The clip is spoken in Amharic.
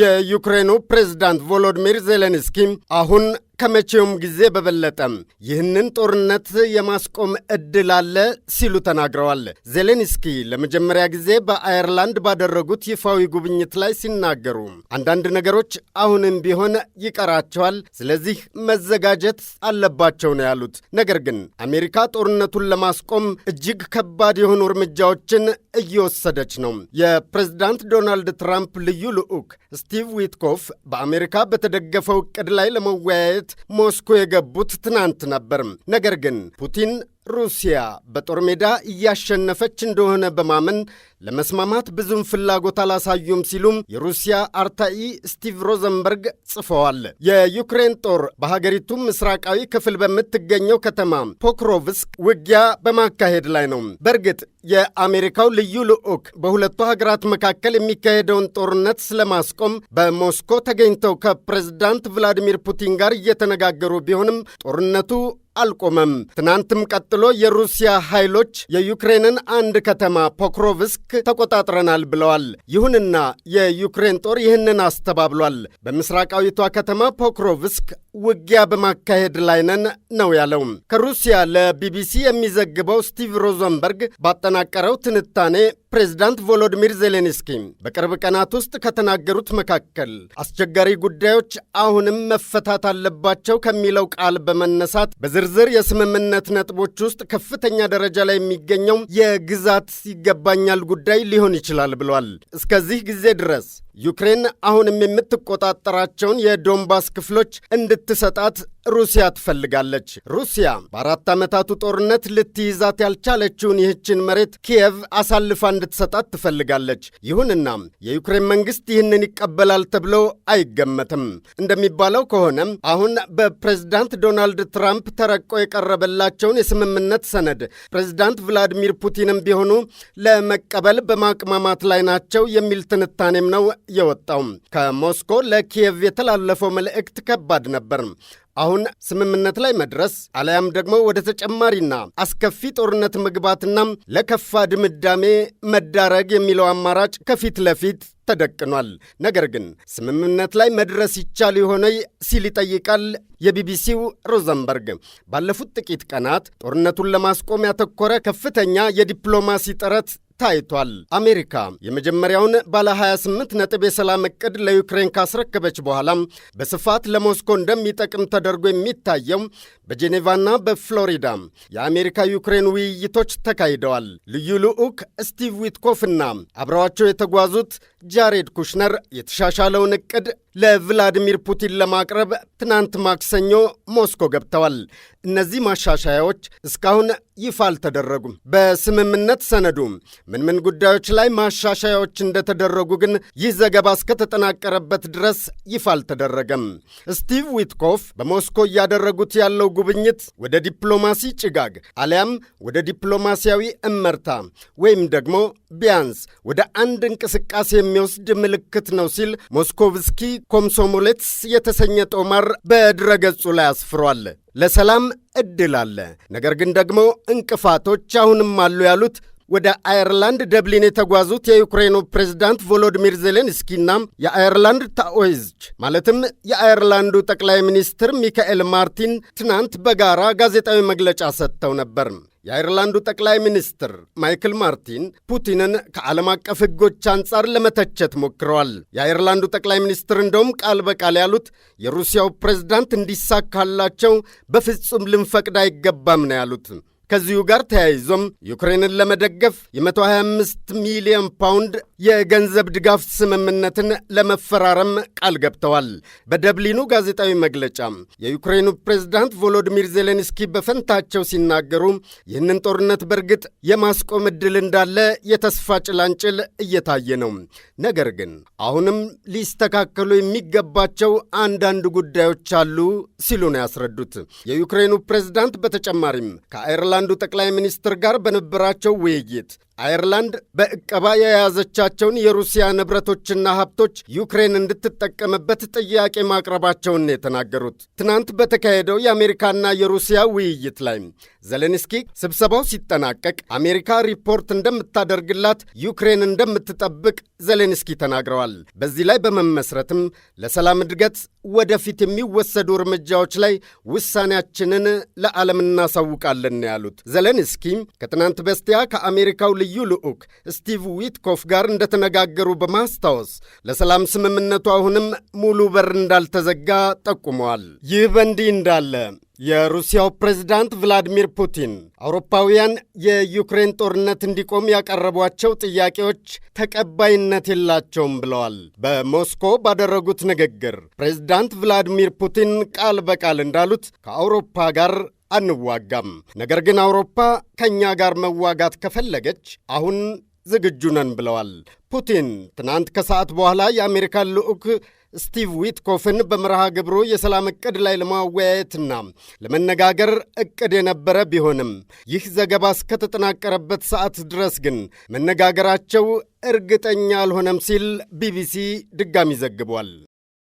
የዩክሬኑ ፕሬዝዳንት ቮሎዲሚር ዜሌንስኪ አሁን ከመቼውም ጊዜ በበለጠም ይህንን ጦርነት የማስቆም እድል አለ ሲሉ ተናግረዋል። ዜሌንስኪ ለመጀመሪያ ጊዜ በአየርላንድ ባደረጉት ይፋዊ ጉብኝት ላይ ሲናገሩ አንዳንድ ነገሮች አሁንም ቢሆን ይቀራቸዋል፣ ስለዚህ መዘጋጀት አለባቸው ነው ያሉት። ነገር ግን አሜሪካ ጦርነቱን ለማስቆም እጅግ ከባድ የሆኑ እርምጃዎችን እየወሰደች ነው። የፕሬዝዳንት ዶናልድ ትራምፕ ልዩ ልዑክ ስቲቭ ዊትኮፍ በአሜሪካ በተደገፈው እቅድ ላይ ለመወያየት ሞስኮ የገቡት ትናንት ነበር። ነገር ግን ፑቲን ሩሲያ በጦር ሜዳ እያሸነፈች እንደሆነ በማመን ለመስማማት ብዙም ፍላጎት አላሳዩም ሲሉም የሩሲያ አርታኢ ስቲቭ ሮዘንበርግ ጽፈዋል። የዩክሬን ጦር በሀገሪቱ ምስራቃዊ ክፍል በምትገኘው ከተማ ፖክሮቭስክ ውጊያ በማካሄድ ላይ ነው። በእርግጥ የአሜሪካው ልዩ ልዑክ በሁለቱ ሀገራት መካከል የሚካሄደውን ጦርነት ስለማስቆም በሞስኮ ተገኝተው ከፕሬዝዳንት ቭላዲሚር ፑቲን ጋር እየተነጋገሩ ቢሆንም ጦርነቱ አልቆመም። ትናንትም ቀጥሎ የሩሲያ ኃይሎች የዩክሬንን አንድ ከተማ ፖክሮቭስክ ተቆጣጥረናል ብለዋል። ይሁንና የዩክሬን ጦር ይህንን አስተባብሏል። በምስራቃዊቷ ከተማ ፖክሮቭስክ ውጊያ በማካሄድ ላይ ነን ነው ያለው። ከሩሲያ ለቢቢሲ የሚዘግበው ስቲቭ ሮዘንበርግ ባጠ የተጠናቀረው ትንታኔ ፕሬዝዳንት ቮሎዲሚር ዜሌንስኪ በቅርብ ቀናት ውስጥ ከተናገሩት መካከል አስቸጋሪ ጉዳዮች አሁንም መፈታት አለባቸው ከሚለው ቃል በመነሳት በዝርዝር የስምምነት ነጥቦች ውስጥ ከፍተኛ ደረጃ ላይ የሚገኘው የግዛት ይገባኛል ጉዳይ ሊሆን ይችላል ብሏል። እስከዚህ ጊዜ ድረስ ዩክሬን አሁንም የምትቆጣጠራቸውን የዶንባስ ክፍሎች እንድትሰጣት ሩሲያ ትፈልጋለች። ሩሲያ በአራት ዓመታቱ ጦርነት ልትይዛት ያልቻለችውን ይህችን መሬት ኪየቭ አሳልፋ እንድትሰጣት ትፈልጋለች። ይሁንና የዩክሬን መንግስት ይህንን ይቀበላል ተብሎ አይገመትም። እንደሚባለው ከሆነ አሁን በፕሬዝዳንት ዶናልድ ትራምፕ ተረቆ የቀረበላቸውን የስምምነት ሰነድ ፕሬዝዳንት ቭላዲሚር ፑቲንም ቢሆኑ ለመቀበል በማቅማማት ላይ ናቸው የሚል ትንታኔም ነው የወጣው። ከሞስኮ ለኪየቭ የተላለፈው መልእክት ከባድ ነበር። አሁን ስምምነት ላይ መድረስ አለያም ደግሞ ወደ ተጨማሪና አስከፊ ጦርነት መግባትና ለከፋ ድምዳሜ መዳረግ የሚለው አማራጭ ከፊት ለፊት ተደቅኗል። ነገር ግን ስምምነት ላይ መድረስ ይቻል የሆነ ሲል ይጠይቃል የቢቢሲው ሮዘንበርግ። ባለፉት ጥቂት ቀናት ጦርነቱን ለማስቆም ያተኮረ ከፍተኛ የዲፕሎማሲ ጥረት ታይቷል። አሜሪካ የመጀመሪያውን ባለ 28 ነጥብ የሰላም እቅድ ለዩክሬን ካስረከበች በኋላም በስፋት ለሞስኮ እንደሚጠቅም ተደርጎ የሚታየው በጄኔቫና በፍሎሪዳ የአሜሪካ ዩክሬን ውይይቶች ተካሂደዋል። ልዩ ልዑክ ስቲቭ ዊትኮፍና አብረዋቸው የተጓዙት ጃሬድ ኩሽነር የተሻሻለውን እቅድ ለቭላዲሚር ፑቲን ለማቅረብ ትናንት ማክሰኞ ሞስኮ ገብተዋል። እነዚህ ማሻሻያዎች እስካሁን ይፋ አልተደረጉም። በስምምነት ሰነዱ ምን ምን ጉዳዮች ላይ ማሻሻያዎች እንደተደረጉ ግን ይህ ዘገባ እስከተጠናቀረበት ድረስ ይፋ አልተደረገም። ስቲቭ ዊትኮፍ በሞስኮ እያደረጉት ያለው ጉብኝት ወደ ዲፕሎማሲ ጭጋግ አሊያም ወደ ዲፕሎማሲያዊ እመርታ ወይም ደግሞ ቢያንስ ወደ አንድ እንቅስቃሴ የሚወስድ ምልክት ነው ሲል ሞስኮቭስኪ ኮምሶሞሌትስ የተሰኘ ጦማር በድረገጹ ላይ አስፍሯል። ለሰላም እድል አለ፣ ነገር ግን ደግሞ እንቅፋቶች አሁንም አሉ ያሉት ወደ አየርላንድ ደብሊን የተጓዙት የዩክሬኑ ፕሬዝዳንት ቮሎዲሚር ዜሌንስኪና የአየርላንድ ታኦይዝች ማለትም የአየርላንዱ ጠቅላይ ሚኒስትር ሚካኤል ማርቲን ትናንት በጋራ ጋዜጣዊ መግለጫ ሰጥተው ነበር። የአይርላንዱ ጠቅላይ ሚኒስትር ማይክል ማርቲን ፑቲንን ከዓለም አቀፍ ሕጎች አንጻር ለመተቸት ሞክረዋል። የአይርላንዱ ጠቅላይ ሚኒስትር እንደውም ቃል በቃል ያሉት የሩሲያው ፕሬዝዳንት እንዲሳካላቸው በፍጹም ልንፈቅድ አይገባም ነው ያሉት። ከዚሁ ጋር ተያይዞም ዩክሬንን ለመደገፍ የ125 ሚሊዮን ፓውንድ የገንዘብ ድጋፍ ስምምነትን ለመፈራረም ቃል ገብተዋል። በደብሊኑ ጋዜጣዊ መግለጫ የዩክሬኑ ፕሬዝዳንት ቮሎዲሚር ዜሌንስኪ በፈንታቸው ሲናገሩ ይህንን ጦርነት በእርግጥ የማስቆም ዕድል እንዳለ የተስፋ ጭላንጭል እየታየ ነው። ነገር ግን አሁንም ሊስተካከሉ የሚገባቸው አንዳንድ ጉዳዮች አሉ ሲሉ ነው ያስረዱት። የዩክሬኑ ፕሬዝዳንት በተጨማሪም ከአይርላንድ ከአይርላንዱ ጠቅላይ ሚኒስትር ጋር በነበራቸው ውይይት አየርላንድ በእቀባ የያዘቻቸውን የሩሲያ ንብረቶችና ሀብቶች ዩክሬን እንድትጠቀምበት ጥያቄ ማቅረባቸውን የተናገሩት ትናንት በተካሄደው የአሜሪካና የሩሲያ ውይይት ላይ ዘሌንስኪ ስብሰባው ሲጠናቀቅ አሜሪካ ሪፖርት እንደምታደርግላት ዩክሬን እንደምትጠብቅ ዘሌንስኪ ተናግረዋል። በዚህ ላይ በመመስረትም ለሰላም እድገት ወደፊት የሚወሰዱ እርምጃዎች ላይ ውሳኔያችንን ለዓለም እናሳውቃለን ያሉት ዘሌንስኪ ከትናንት በስቲያ ከአሜሪካው ልዩ ልዩ ልዑክ ስቲቭ ዊትኮፍ ጋር እንደተነጋገሩ በማስታወስ ለሰላም ስምምነቱ አሁንም ሙሉ በር እንዳልተዘጋ ጠቁመዋል። ይህ በእንዲህ እንዳለ የሩሲያው ፕሬዝዳንት ቭላዲሚር ፑቲን አውሮፓውያን የዩክሬን ጦርነት እንዲቆም ያቀረቧቸው ጥያቄዎች ተቀባይነት የላቸውም ብለዋል። በሞስኮ ባደረጉት ንግግር ፕሬዝዳንት ቭላዲሚር ፑቲን ቃል በቃል እንዳሉት ከአውሮፓ ጋር አንዋጋም። ነገር ግን አውሮፓ ከእኛ ጋር መዋጋት ከፈለገች አሁን ዝግጁ ነን ብለዋል። ፑቲን ትናንት ከሰዓት በኋላ የአሜሪካን ልዑክ ስቲቭ ዊትኮፍን በመርሃ ግብሩ የሰላም እቅድ ላይ ለማወያየትና ለመነጋገር እቅድ የነበረ ቢሆንም ይህ ዘገባ እስከተጠናቀረበት ሰዓት ድረስ ግን መነጋገራቸው እርግጠኛ አልሆነም ሲል ቢቢሲ ድጋሚ ዘግቧል።